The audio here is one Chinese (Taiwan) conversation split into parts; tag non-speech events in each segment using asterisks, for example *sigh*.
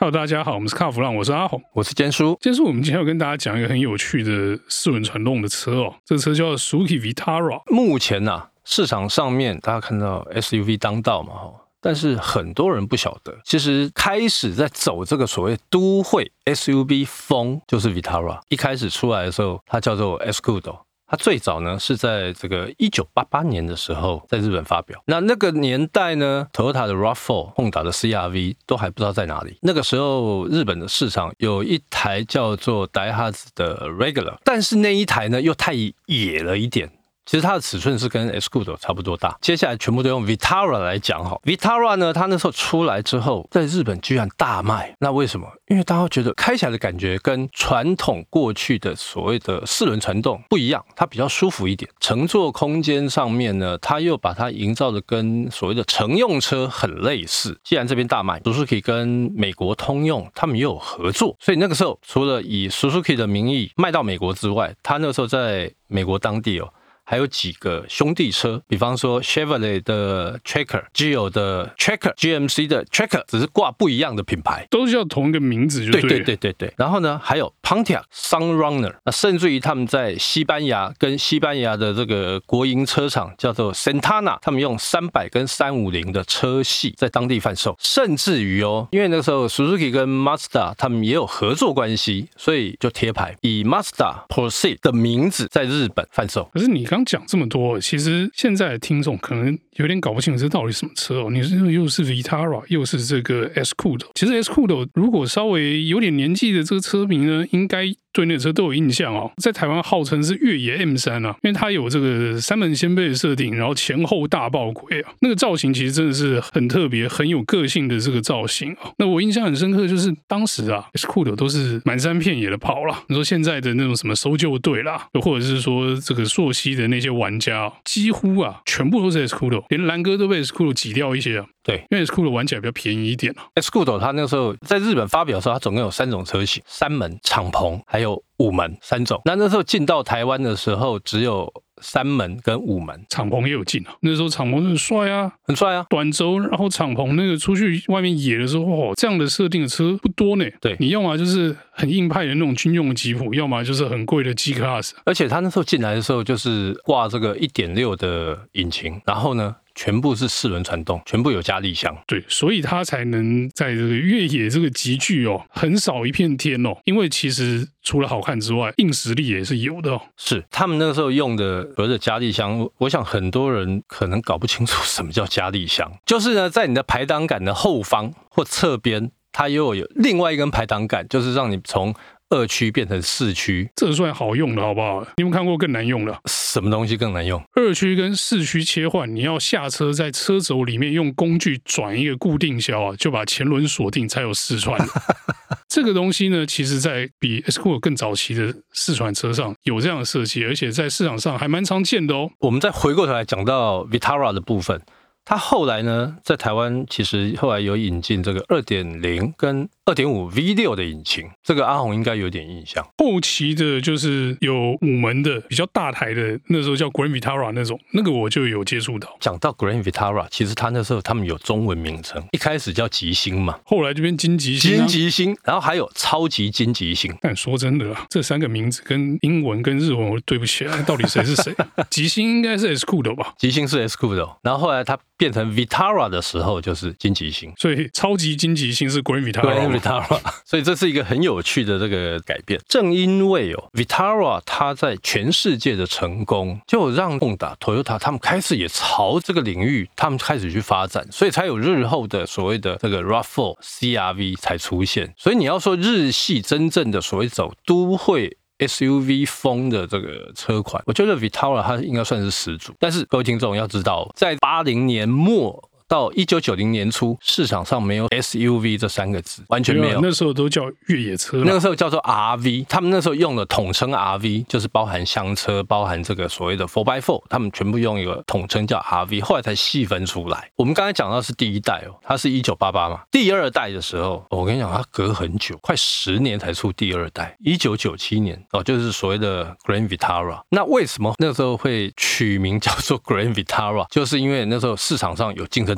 Hello，大家好，我們是卡弗朗，我是阿紅，我是堅叔。堅叔，我們今天要跟大家講一個很有趣的四輪傳動的車哦。這個車叫 Suzuki Vitara。目前吶，啊，市場上面大家看到 SUV 當道嘛，哈，但是很多人不曉得，其實開始在走這個所謂都會 SUV 風，就是 Vitara。一開始出來的時候，它叫做 Escudo。它最早呢是在這個一九八八年的時候在日本發表。那那個年代呢，Toyota 的 RAV4、本田的 CRV 都還不知道在哪裡。那個時候，日本的市場有一台叫做 DAIHATSU 的 Regular，但是那一台呢又太野了一點。其實它的尺寸是跟 Escudo 差不多大，接下來全部都用 Vitara 來講好。Vitara 呢，它那時候出來之後，在日本居然大賣，那為什麼？因為大家覺得開起來的感覺跟傳統過去的所謂的四輪傳動不一樣，它比較舒服一點。乘坐空間上面呢，它又把它營造的跟所謂的乘用車很類似。既然這邊大賣，Suzuki 跟美國通用他們又有合作，所以那個時候除了以 Suzuki 的名義賣到美國之外，它那個時候在美國當地哦。還有幾個兄弟車，比方說 Chevrolet 的 Tracker、Geo 的 Tracker、GMC 的 Tracker，只是掛不一樣的品牌，都是叫同一個名字就對，對對對對對。然後呢，還有。Pontiac Sunrunner，甚至於他們在西班牙跟西班牙的這個國營車廠叫做 Santana，他們用三百跟三五零的車系在當地販售，甚至於哦，因為那個時候 Suzuki 跟 Mazda 他們也有合作關係，所以就貼牌以 Mazda Proceed 的名字在日本販售。可是你剛講這麼多，其實現在的聽眾可能有點搞不清楚這到底什麼車哦。你是又是 Vitara 又是這個 S CUDO 其實 S CUDO 如果稍微有點年紀的這個車迷呢。應該。對那個、車都有印象哦。在台灣號稱是越野 M3 啊，因為它有這個三門掀背的設定，然後前後大爆龜啊，那個造型其實真的是很特別、很有個性的這個造型啊。那我印象很深刻，就是當時啊 Escudo 都是滿山遍野的跑了。你說現在的那種什麼搜救隊啦，或者是說這個溯溪的那些玩家、啊，幾乎啊，全部都是 Escudo 連藍哥都被 Escudo 擠掉一些啊。對，因為 Escudo 玩起來比較便宜一點啊。Escudo 它那個時候在日本發表的時候，它總共有三種車型：三門、敞篷，還有。有五門三種，那那時候進到台灣的時候只有三門跟五門，敞篷也有進哦，那時候敞篷很帥啊，很帥啊，短軸。然後敞篷那個出去外面野的時候，哦，這樣的設定的車不多呢、欸。對，你要麼就是很硬派的那種軍用吉普，要麼就是很貴的 G Class。而且他那時候進來的時候就是掛這個一點六的引擎，然後呢。全部是四輪傳動，全部有加力箱，對，所以它才能在這個越野這個級距哦，橫掃一片天哦。因為其實除了好看之外，硬實力也是有的。哦。是他們那個時候用的，而且加力箱，我想很多人可能搞不清楚什麼叫加力箱，就是呢，在你的排檔桿的後方或側邊，它又有另外一根排檔桿，就是讓你從。二驅變成四驅，這算好用的，好不好？你們看過更難用的？什麼東西更難用？二驅跟四驅切換，你要下車在車軸裡面用工具轉一個固定銷啊，就把前輪鎖定才有四驅。 *laughs* 這個東西呢，其實在比 Escudo 更早期的四驅車上有這樣的設計，而且在市場上還蠻常見的哦。我們再回過頭來講到 Vitara 的部分，它後來呢在台灣其實後來有引進這個二點零跟。二點五 V 六的引擎，這個阿紅應該有點印象。後期的就是有五門的，比較大台的，那時候叫 Grand Vitara 那種，那個我就有接觸到。講到 Grand Vitara，其實他那時候他們有中文名稱，一開始叫吉星嘛，後來這邊金吉星、啊，金吉星，然後還有超級金吉星。但說真的，啊，這三個名字跟英文跟日文，我對不起啊，到底誰是誰？ *laughs* 吉星應該是 S-CU 的吧？吉星是 S-CU 的，udo, 然後後來它變成 Vitara 的時候就是金吉星，所以超級金吉星是 Grand Vitara。Vitara, 所以這是一個很有趣的這個改變，正因為哦，Vitara 它在全世界的成功，就讓 Honda Toyota 他們開始也朝這個領域，他們開始去發展，所以才有日後的所謂的這個 Rav4 CR、CRV 才出現。所以你要說日系真正的所謂走都會 SUV 風的這個車款，我覺得 Vitara 它應該算是始祖。但是各位聽眾要知道，在八零年末。到一九九零年初，市場上沒有 SUV 這三個字，完全沒有，沒有。那時候都叫越野車，那個時候叫做 RV，他們那時候用的統稱 RV，就是包含箱車，包含這個所謂的 Four by Four，他們全部用一個統稱叫 RV。後來才細分出來。我們剛才講到是第一代哦，它是一九八八嘛。第二代的時候，哦，我跟你講，它隔很久，快十年才出第二代，一九九七年哦，就是所謂的 Grand Vitara。那為什麼那時候會取名叫做 Grand Vitara？就是因為那時候市場上有競爭。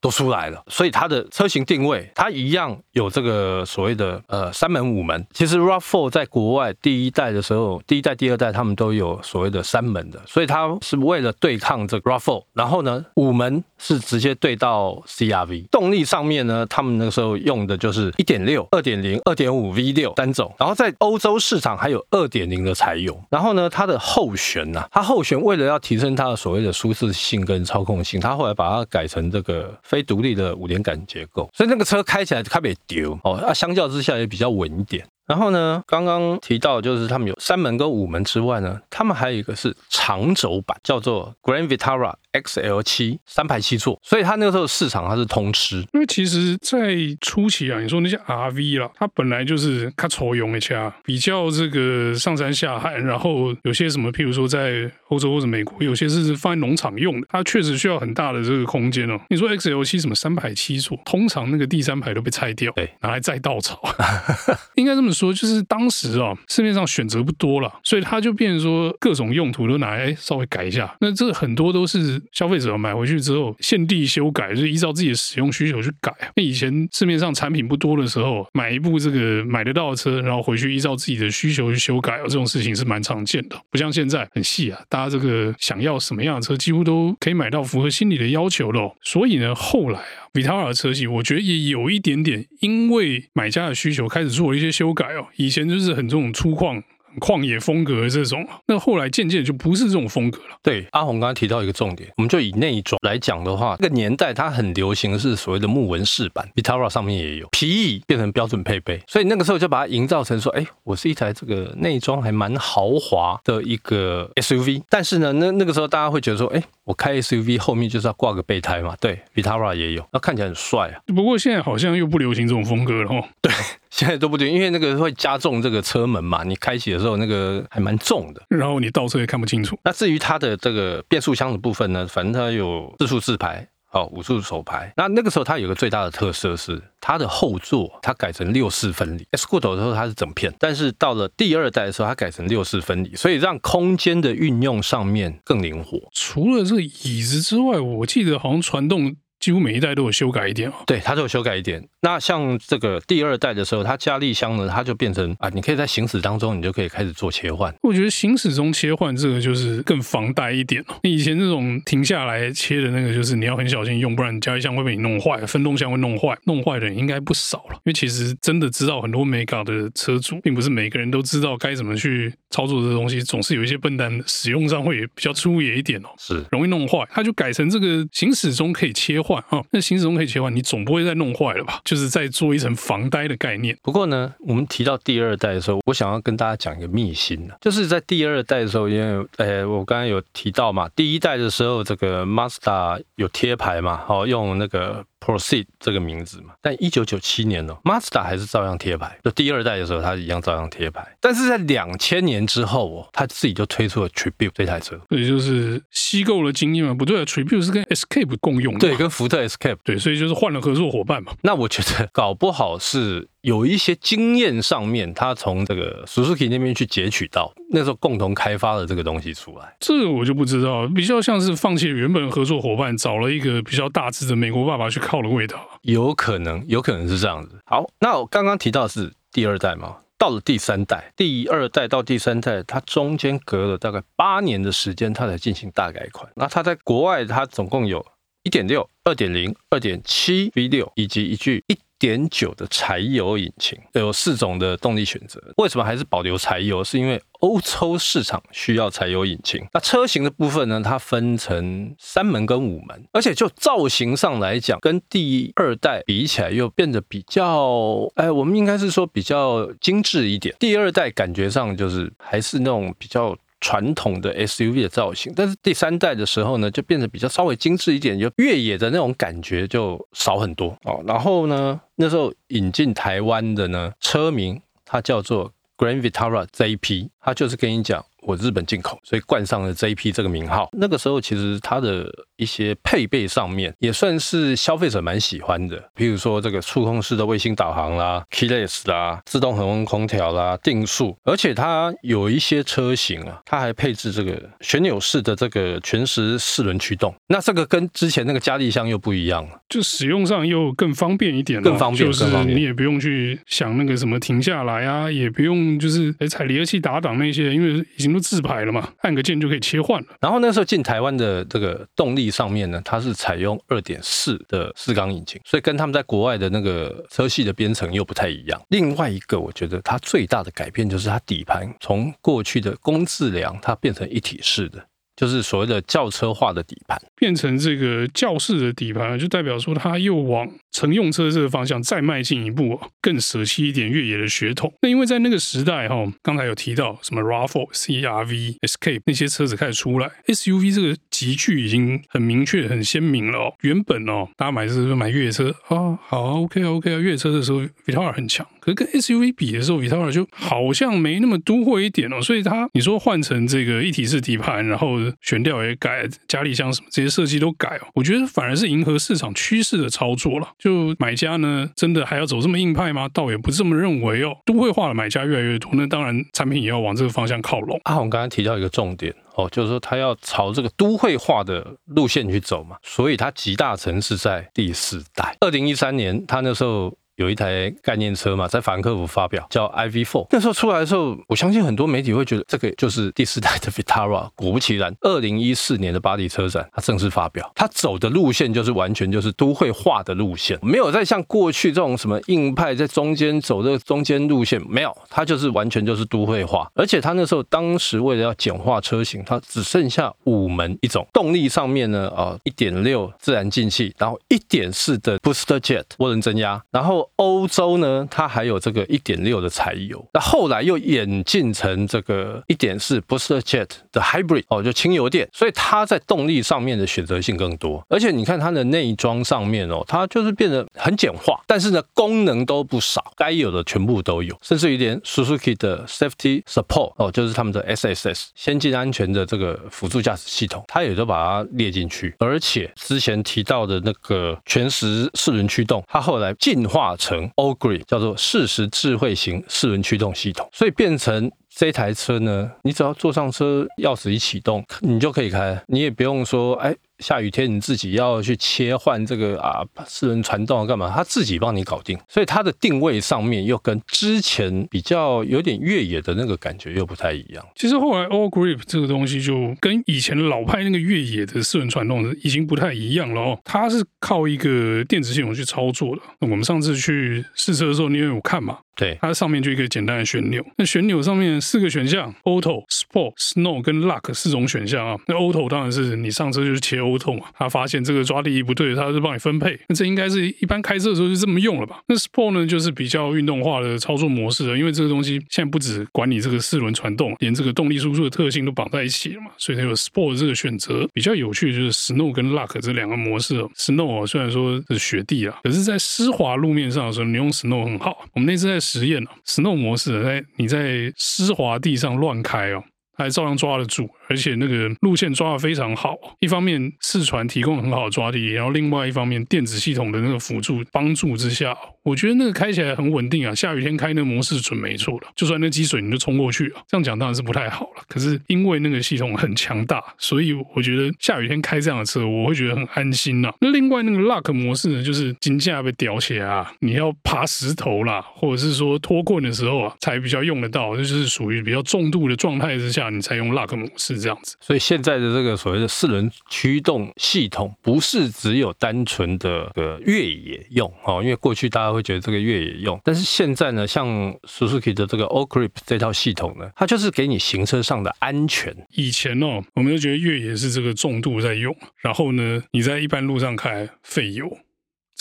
都出來了，所以它的車型定位，它一樣有這個所謂的呃三門五門。其實 RAV4 在國外第一代的時候，第一代第二代他們都有所謂的三門的，所以它是為了對抗這 RAV4。然後呢，五門是直接對到 CRV。動力上面呢，他們那個時候用的就是1.6、2.0、2.5 V6 三種，然後在歐洲市場還有2.0的柴油。然後呢，它的後懸吶、啊，它後懸為了要提升它的所謂的舒適性跟操控性，它後來把它改成這個。非獨立的五連桿結構，所以那個車開起來特別丟哦。那、啊、相較之下也比較穩一點。然後呢，剛剛提到就是他們有三門跟五門之外呢，他們還有一個是長軸版，叫做 Grand Vitara。X L 七，三排七座，所以它那個時候市場它是通吃。因為其實，在初期啊，你說那些 R V 啦，它本來就是它常用 HR，比較這個上山下海，然後有些什麼，譬如說在歐洲或者美國，有些是放在農場用的，它確實需要很大的這個空間哦、喔。你說 X L 七什麼三排七座，通常那個第三排都被拆掉，對，拿來載稻草。 *laughs* *laughs* 應該這麼說，就是當時啊、喔，市面上選擇不多了，所以它就變成說各種用途都拿來、欸、稍微改一下。那這很多都是。消費者買回去之後，現地修改，就是依照自己的使用需求去改。那以前市面上產品不多的時候，買一部這個買得到的車，然後回去依照自己的需求去修改，這種事情是蠻常見的。不像現在很細啊，大家這個想要什麼樣的車，幾乎都可以買到符合心理的要求咯。所以呢，後來啊，Vitara 車系，我覺得也有一點點，因為買家的需求開始做一些修改哦。以前就是很這種粗獷。曠野風格的這種，那後來漸漸就不是這種風格了。對，阿宏剛才提到一個重點，我們就以內裝來講的話，這個年代它很流行的是所謂的木紋飾板，Vitara 上面也有，皮椅變成標準配備，所以那個時候就把它營造成說，哎，我是一台這個內裝還蠻豪華的一個 SUV。但是呢，那那個時候大家會覺得說，哎，我開 SUV 後面就是要掛個備胎嘛，對，Vitara 也有，那看起來很帥啊。不過現在好像又不流行這種風格了哦，對。現在都不對，因為那個會加重這個車門嘛，你開啟的時候那個還蠻重的，然後你倒車也看不清楚。那至於它的這個變速箱的部分呢，反正它有四速自排，好、哦、五速手排。那那個時候它有個最大的特色是它的後座，它改成六四分離，Escudo 的時候它是整片，但是到了第二代的時候它改成六四分離，所以讓空間的運用上面更靈活。除了這個椅子之外，我記得好像傳動幾乎每一代都有修改一點哦，對，它都有修改一點。那像這個第二代的時候，它加力箱呢，它就變成啊，你可以在行駛當中，你就可以開始做切換。我覺得行駛中切換這個就是更防呆一點哦。你以前這種停下來切的那個，就是你要很小心用，不然加力箱會被你弄壞，分動箱會弄壞，弄壞的人應該不少了。因為其實真的知道很多 Mega 的車主，並不是每個人都知道該怎麼去操作這東西，總是有一些笨蛋使用上會比較粗野一點哦，是容易弄壞。它就改成這個行駛中可以切換啊、嗯，那行駛中可以切換，你總不會再弄壞了吧？就是在做一層防呆的概念。不過呢，我們提到第二代的時候，我想要跟大家講一個秘辛，就是在第二代的時候，因為呃、哎，我剛剛有提到嘛，第一代的時候這個 Mazda 有貼牌嘛，好、哦、用那個。Proceed 這個名字嘛，但、哦，但一九九七年呢，Mazda 還是照樣貼牌。就第二代的時候，它一樣照樣貼牌。但是在兩千年之後哦，它自己就推出了 Tribute 這台車，所以就是吸夠了經驗嘛。不對，Tribute 是跟 Escape 共用的，對，跟福特 Escape 對，所以就是換了合作夥伴嘛。那我覺得搞不好是。有一些經驗上面，他從這個 Suzuki 那邊去截取到那時候共同開發的這個東西出來，這個我就不知道，比較像是放棄原本合作夥伴，找了一個比較大隻的美國爸爸去靠的味道，有可能，有可能是這樣子。好，那我剛剛提到的是第二代嘛。到了第三代，第二代到第三代，它中間隔了大概八年的時間，它才進行大改款。那它在國外，它總共有一點六、二點零、二點七 V 六以及一具一。點九的柴油引擎，有四種的動力選擇，為什麼還是保留柴油？是因為歐洲市場需要柴油引擎。那車型的部分呢？它分成三門跟五門，而且就造型上來講，跟第二代比起來又變得比較……哎，我們應該是說比較精緻一點。第二代感覺上就是還是那種比較。傳統的 SUV 的造型，但是第三代的時候呢，就變得比較稍微精致一點，就越野的那種感覺就少很多哦。然後呢，那時候引進台灣的呢，車名它叫做 Grand Vitara JP，它就是跟你講。我日本進口，所以冠上了 JP 這個名號。那個時候其實它的一些配備上面也算是消費者蠻喜歡的，比如說這個觸控式的衛星導航啦、啊、Keyless 啦、啊、自動恆溫空調啦、啊、定速，而且它有一些車型啊，它還配置這個旋鈕式的這個全時四輪驅動。那這個跟之前那個加力箱又不一樣了，就使用上又更方便一點了，更方便，更方便就是你也不用去想那個什麼停下來啊，也不用就是哎踩離合器打擋那些，因為已經。都自排了嘛，按個鍵就可以切換了。然後那時候進台灣的這個動力上面呢，它是採用二點四的四缸引擎，所以跟他們在國外的那個車系的編程又不太一樣。另外一個，我覺得它最大的改變就是它底盤從過去的工字梁，它變成一體式的，就是所謂的轎車化的底盤，變成這個轎式的底盤，就代表說它又往。乘用車這個方向再邁進一步、哦，更捨棄一點越野的血統。那因為在那個時代、哦，哈，剛才有提到什麼 RAV4、CRV、Escape 那些車子開始出來，SUV 這個集聚已經很明確、很鮮明了、哦。原本哦，大家買車就買越野車、哦、啊，好 OK OK 啊，越野車的時候，Vitara 很強，可是跟 SUV 比的時候，Vitara 就好像沒那麼都會一點哦。所以它，你說換成這個一體式底盤，然後懸吊也改，加力箱什麼這些設計都改哦，我覺得反而是迎合市場趨勢的操作了。就買家呢，真的還要走這麼硬派嗎？倒也不是這麼認為哦。都會化的買家越來越多，那當然產品也要往這個方向靠攏。阿洪、啊、剛剛提到一個重點哦，就是說他要朝這個都會化的路線去走嘛，所以他集大成是在第四代。二零一三年，他那時候。有一台概念車嘛，在法蘭克福發表，叫 I V Four。那時候出來的時候，我相信很多媒體會覺得這個就是第四代的 Vitara。果不其然，二零一四年的巴黎車展，它正式發表。它走的路線就是完全就是都會化的路線，沒有再像過去這種什麼硬派，在中間走的中間路線，沒有。它就是完全就是都會化。而且它那時候當時為了要簡化車型，它只剩下五門一種。動力上面呢，呃、哦，一點六自然進氣，然後一點四的 Booster Jet 渦輪增壓，然後。歐洲呢，它還有這個一點六的柴油，那後來又演進成這個一點四 Boosterjet 的 Hybrid 哦，就輕油電，所以它在動力上面的選擇性更多。而且你看它的內裝上面哦，它就是變得很簡化，但是呢，功能都不少，該有的全部都有，甚至於連 Suzuki 的 Safety Support 哦，就是他們的 S S S 先進安全的這個輔助駕駛系統，它也都把它列進去。而且之前提到的那個全時四輪驅動，它後來進化。成 ALLGRIP 叫做適時智慧型四輪驅動系統，所以變成。這台車呢，你只要坐上車，鑰匙一啟動，你就可以開，你也不用說，哎，下雨天你自己要去切換這個啊四輪傳動幹嘛，它自己幫你搞定。所以它的定位上面又跟之前比較有點越野的那個感覺又不太一樣。其實後來 All Grip 這個東西就跟以前老派那個越野的四輪傳動已經不太一樣了哦，它是靠一個電子系統去操作的。嗯，我們上次去試車的時候，你也有看嘛？對，它上面就一個簡單的旋鈕，那旋鈕上面四個選項：auto、sport、snow 跟 lock 四種選項啊。那 auto 當然是你上車就是切 auto 嘛。他發現這個抓地力不對，他是幫你分配。那這應該是一般開車的時候就這麼用了吧？那 sport 呢，就是比較運動化的操作模式了，啊。因為這個東西現在不止管你這個四輪傳動，啊，連這個動力輸出的特性都綁在一起了嘛，所以它有 sport 這個選擇比較有趣，就是 snow 跟 lock 這兩個模式，啊。snow，啊、雖然說是雪地啊，可是在濕滑路面上的時候，你用 snow 很好。我們那次在。實驗，snow 模式，在你在濕滑地上亂開哦，還照樣抓得住。而且那個路線抓的非常好。一方面四傳提供很好的抓地，然後另外一方面電子系統的那個輔助幫助之下，我覺得那個開起來很穩定啊。下雨天開那個模式準沒錯了，就算那積水你就衝過去啊。這樣講當然是不太好了，可是因為那個系統很強大，所以我覺得下雨天開這樣的車，我會覺得很安心了啊。那另外那個 Lock 模式呢，就是金價被吊起來啊，你要爬石頭啦，或者是說脫困的時候啊，才比較用得到，就是屬於比較重度的狀態之下，你才用 Lock 模式。這樣子，所以現在的這個所謂的四輪驅動系統，不是只有單純的越野用，因為過去大家會覺得這個越野用，但是現在呢，像 Suzuki 的這個 ALLGRIP 這套系統呢，它就是給你行車上的安全。以前哦，我們就覺得越野是這個重度在用，然後呢，你在一般路上開，費油。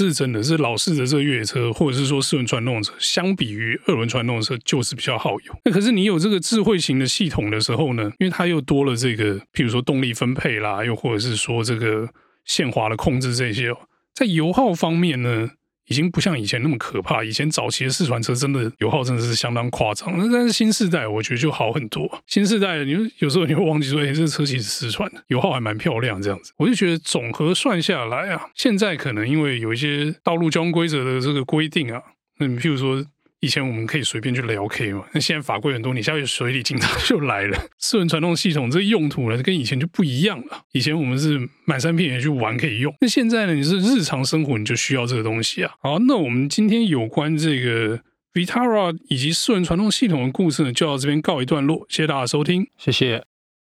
是真的，是老式的這個越野車，或者是說四輪傳動車，相比於二輪傳動車就是比較耗油。那可是你有這個智慧型的系統的時候呢，因為它又多了這個，譬如說動力分配啦，又或者是說這個限滑的控制這些喔，在油耗方面呢。已經不像以前那麼可怕。以前早期的四驅車真的油耗真的是相當誇張，那但是新世代我覺得就好很多。新世代，你有，有時候你會忘記說，哎，這車其實四驅的油耗還蠻漂亮這樣子。我就覺得總合算下來啊，現在可能因為有一些道路交通規則的這個規定啊，那你譬如說。以前我們可以隨便去聊，可以嘛？那現在法規很多，你下去水裡警察就來了。四輪傳動系統這個用途呢，跟以前就不一樣了。以前我們是滿山遍野去玩可以用，那現在呢，你是日常生活你就需要這個東西啊。好，那我們今天有關這個 Vitara 以及四輪傳動系統的故事呢，就到這邊告一段落。謝謝大家收聽，謝謝。